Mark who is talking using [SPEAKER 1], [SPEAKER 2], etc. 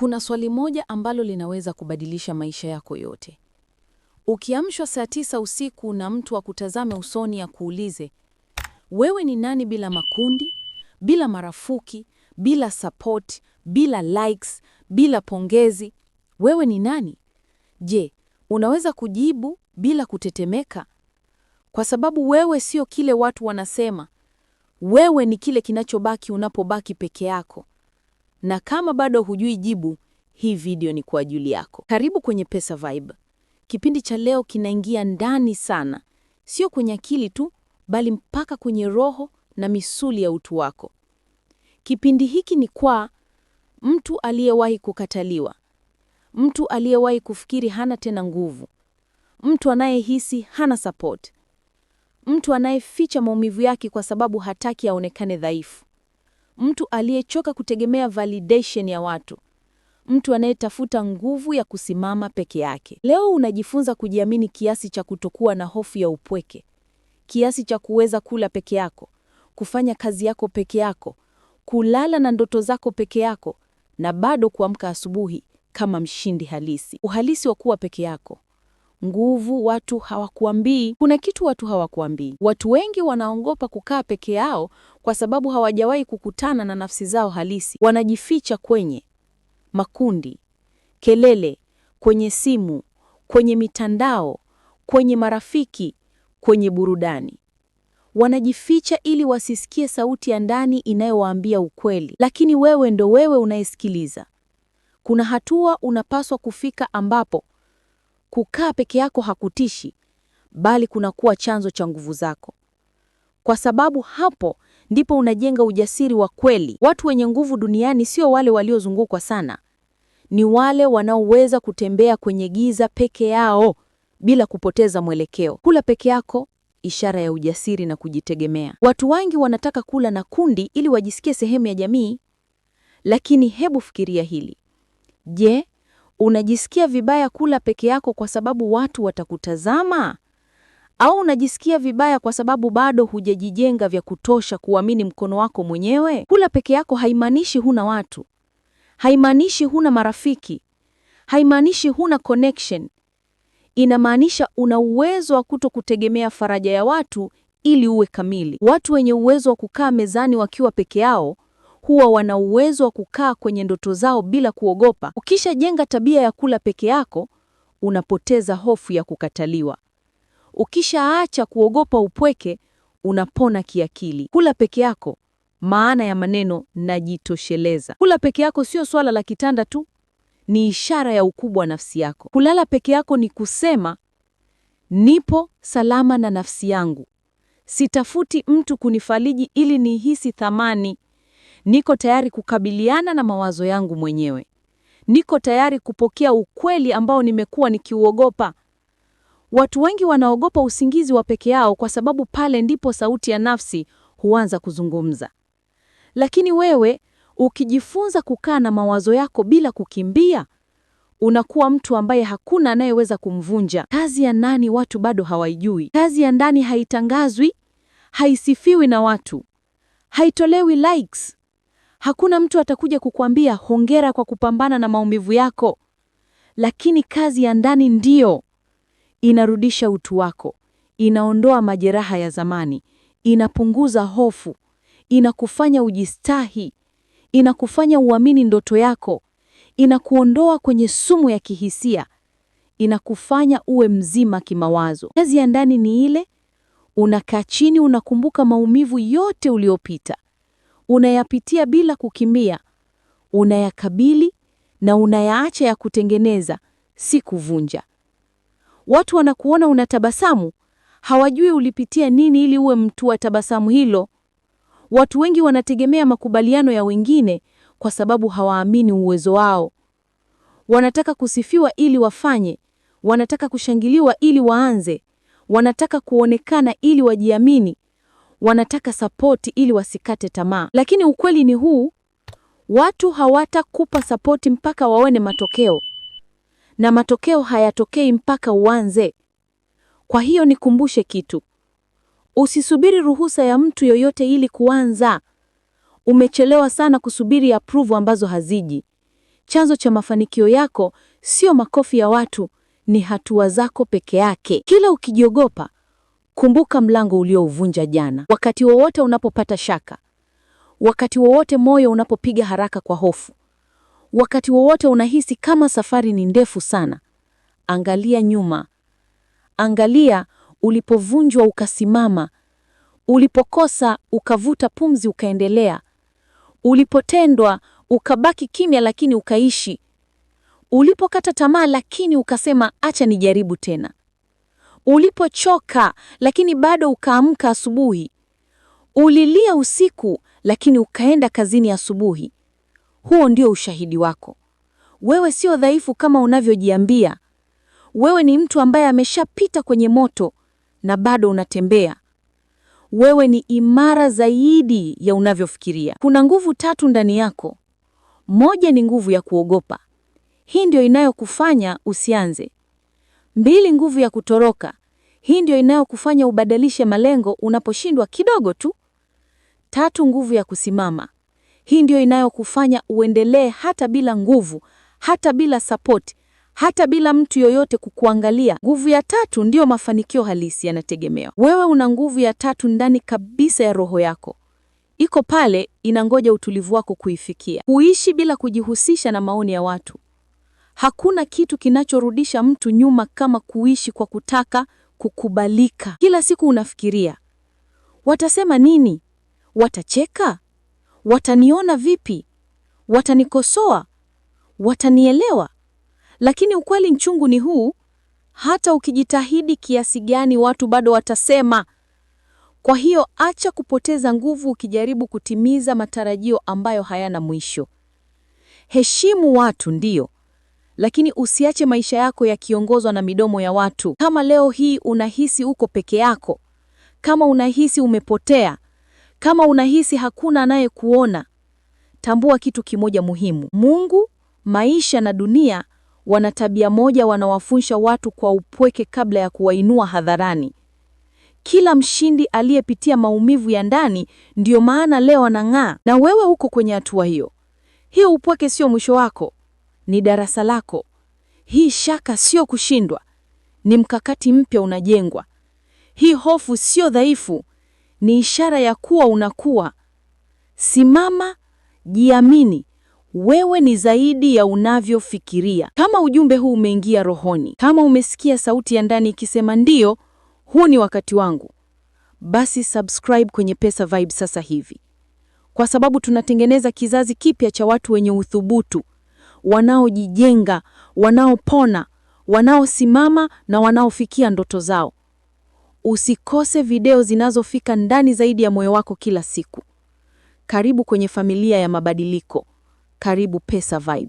[SPEAKER 1] Kuna swali moja ambalo linaweza kubadilisha maisha yako yote. Ukiamshwa saa tisa usiku na mtu akutazame usoni akuulize, wewe ni nani bila makundi, bila marafiki, bila support, bila likes, bila pongezi, wewe ni nani? Je, unaweza kujibu bila kutetemeka? Kwa sababu wewe sio kile watu wanasema. Wewe ni kile kinachobaki unapobaki peke yako. Na kama bado hujui jibu, hii video ni kwa ajili yako. Karibu kwenye Pesa Vibe. Kipindi cha leo kinaingia ndani sana, sio kwenye akili tu, bali mpaka kwenye roho na misuli ya utu wako. Kipindi hiki ni kwa mtu aliyewahi kukataliwa, mtu aliyewahi kufikiri hana tena nguvu, mtu anayehisi hana support, mtu anayeficha maumivu yake kwa sababu hataki aonekane dhaifu mtu aliyechoka kutegemea validation ya watu, mtu anayetafuta nguvu ya kusimama peke yake. Leo unajifunza kujiamini kiasi cha kutokuwa na hofu ya upweke, kiasi cha kuweza kula peke yako, kufanya kazi yako peke yako, kulala na ndoto zako peke yako, na bado kuamka asubuhi kama mshindi halisi. Uhalisi wa kuwa peke yako, nguvu watu hawakuambii. Kuna kitu watu hawakuambii. Watu wengi wanaogopa kukaa peke yao kwa sababu hawajawahi kukutana na nafsi zao halisi. Wanajificha kwenye makundi, kelele, kwenye simu, kwenye mitandao, kwenye marafiki, kwenye burudani. Wanajificha ili wasisikie sauti ya ndani inayowaambia ukweli. Lakini wewe ndo wewe unayesikiliza. Kuna hatua unapaswa kufika ambapo kukaa peke yako hakutishi, bali kunakuwa chanzo cha nguvu zako, kwa sababu hapo ndipo unajenga ujasiri wa kweli. Watu wenye nguvu duniani sio wale waliozungukwa sana, ni wale wanaoweza kutembea kwenye giza peke yao bila kupoteza mwelekeo. Kula peke yako, ishara ya ujasiri na kujitegemea. Watu wengi wanataka kula na kundi ili wajisikie sehemu ya jamii, lakini hebu fikiria hili. Je, unajisikia vibaya kula peke yako kwa sababu watu watakutazama? Au unajisikia vibaya kwa sababu bado hujajijenga vya kutosha kuamini mkono wako mwenyewe? Kula peke yako haimaanishi huna watu, haimaanishi huna marafiki, haimaanishi huna connection. Inamaanisha una uwezo wa kuto kutegemea faraja ya watu ili uwe kamili. Watu wenye uwezo wa kukaa mezani wakiwa peke yao huwa wana uwezo wa kukaa kwenye ndoto zao bila kuogopa. Ukishajenga tabia ya kula peke yako, unapoteza hofu ya kukataliwa. Ukishaacha kuogopa upweke, unapona kiakili. Kula peke yako, maana ya maneno najitosheleza. Kula peke yako sio swala la kitanda tu, ni ishara ya ukubwa wa nafsi yako. Kulala peke yako ni kusema nipo salama na nafsi yangu, sitafuti mtu kunifariji ili nihisi thamani. Niko tayari kukabiliana na mawazo yangu mwenyewe. Niko tayari kupokea ukweli ambao nimekuwa nikiuogopa. Watu wengi wanaogopa usingizi wa peke yao kwa sababu pale ndipo sauti ya nafsi huanza kuzungumza. Lakini wewe ukijifunza kukaa na mawazo yako bila kukimbia, unakuwa mtu ambaye hakuna anayeweza kumvunja. Kazi ya ndani watu bado hawaijui. Kazi ya ndani haitangazwi, haisifiwi na watu, haitolewi likes. Hakuna mtu atakuja kukuambia hongera kwa kupambana na maumivu yako, lakini kazi ya ndani ndio inarudisha utu wako, inaondoa majeraha ya zamani, inapunguza hofu, inakufanya ujistahi, inakufanya uamini ndoto yako, inakuondoa kwenye sumu ya kihisia, inakufanya uwe mzima kimawazo. Kazi ya ndani ni ile unakaa chini, unakumbuka maumivu yote uliopita, unayapitia bila kukimbia, unayakabili na unayaacha ya kutengeneza, si kuvunja. Watu wanakuona unatabasamu, hawajui ulipitia nini ili uwe mtu wa tabasamu hilo. Watu wengi wanategemea makubaliano ya wengine kwa sababu hawaamini uwezo wao. Wanataka kusifiwa ili wafanye, wanataka kushangiliwa ili waanze, wanataka kuonekana ili wajiamini, wanataka sapoti ili wasikate tamaa. Lakini ukweli ni huu, watu hawatakupa sapoti mpaka waone matokeo na matokeo hayatokei mpaka uanze. Kwa hiyo nikumbushe kitu, usisubiri ruhusa ya mtu yoyote ili kuanza. Umechelewa sana kusubiri approval ambazo haziji. Chanzo cha mafanikio yako sio makofi ya watu, ni hatua zako peke yake. Kila ukijiogopa, kumbuka mlango uliouvunja jana. Wakati wowote unapopata shaka, wakati wowote moyo unapopiga haraka kwa hofu, Wakati wowote unahisi kama safari ni ndefu sana, angalia nyuma, angalia ulipovunjwa ukasimama, ulipokosa ukavuta pumzi ukaendelea, ulipotendwa ukabaki kimya lakini ukaishi, ulipokata tamaa lakini ukasema acha nijaribu tena, ulipochoka lakini bado ukaamka asubuhi, ulilia usiku lakini ukaenda kazini asubuhi. Huo ndio ushahidi wako. Wewe sio dhaifu kama unavyojiambia. Wewe ni mtu ambaye ameshapita kwenye moto na bado unatembea. Wewe ni imara zaidi ya unavyofikiria. Kuna nguvu tatu ndani yako. Moja ni nguvu ya kuogopa, hii ndio inayokufanya usianze. Mbili, nguvu ya kutoroka, hii ndio inayokufanya ubadilishe malengo unaposhindwa kidogo tu. Tatu, nguvu ya kusimama, hii ndio inayokufanya uendelee hata bila nguvu, hata bila sapoti, hata bila mtu yoyote kukuangalia. Nguvu ya tatu ndiyo mafanikio halisi yanategemewa. Wewe una nguvu ya tatu ndani kabisa ya roho yako, iko pale, inangoja utulivu wako kuifikia. Huishi bila kujihusisha na maoni ya watu. Hakuna kitu kinachorudisha mtu nyuma kama kuishi kwa kutaka kukubalika. Kila siku unafikiria, watasema nini? Watacheka? wataniona vipi? Watanikosoa? Watanielewa? Lakini ukweli mchungu ni huu, hata ukijitahidi kiasi gani, watu bado watasema. Kwa hiyo acha kupoteza nguvu ukijaribu kutimiza matarajio ambayo hayana mwisho. Heshimu watu ndiyo, lakini usiache maisha yako yakiongozwa na midomo ya watu. Kama leo hii unahisi uko peke yako, kama unahisi umepotea kama unahisi hakuna anayekuona, tambua kitu kimoja muhimu: Mungu, maisha na dunia wana tabia moja, wanawafunsha watu kwa upweke kabla ya kuwainua hadharani. Kila mshindi aliyepitia maumivu ya ndani, ndiyo maana leo anang'aa, na wewe uko kwenye hatua hiyo hiyo. Upweke sio mwisho wako, ni darasa lako. Hii shaka sio kushindwa, ni mkakati mpya unajengwa. Hii hofu sio dhaifu, ni ishara ya kuwa unakuwa. Simama, jiamini. Wewe ni zaidi ya unavyofikiria. Kama ujumbe huu umeingia rohoni, kama umesikia sauti ya ndani ikisema ndiyo, huu ni wakati wangu, basi subscribe kwenye Pesa Vibe sasa hivi, kwa sababu tunatengeneza kizazi kipya cha watu wenye uthubutu, wanaojijenga, wanaopona, wanaosimama na wanaofikia ndoto zao. Usikose video zinazofika ndani zaidi ya moyo wako kila siku. Karibu kwenye familia ya mabadiliko. Karibu PesaVibe.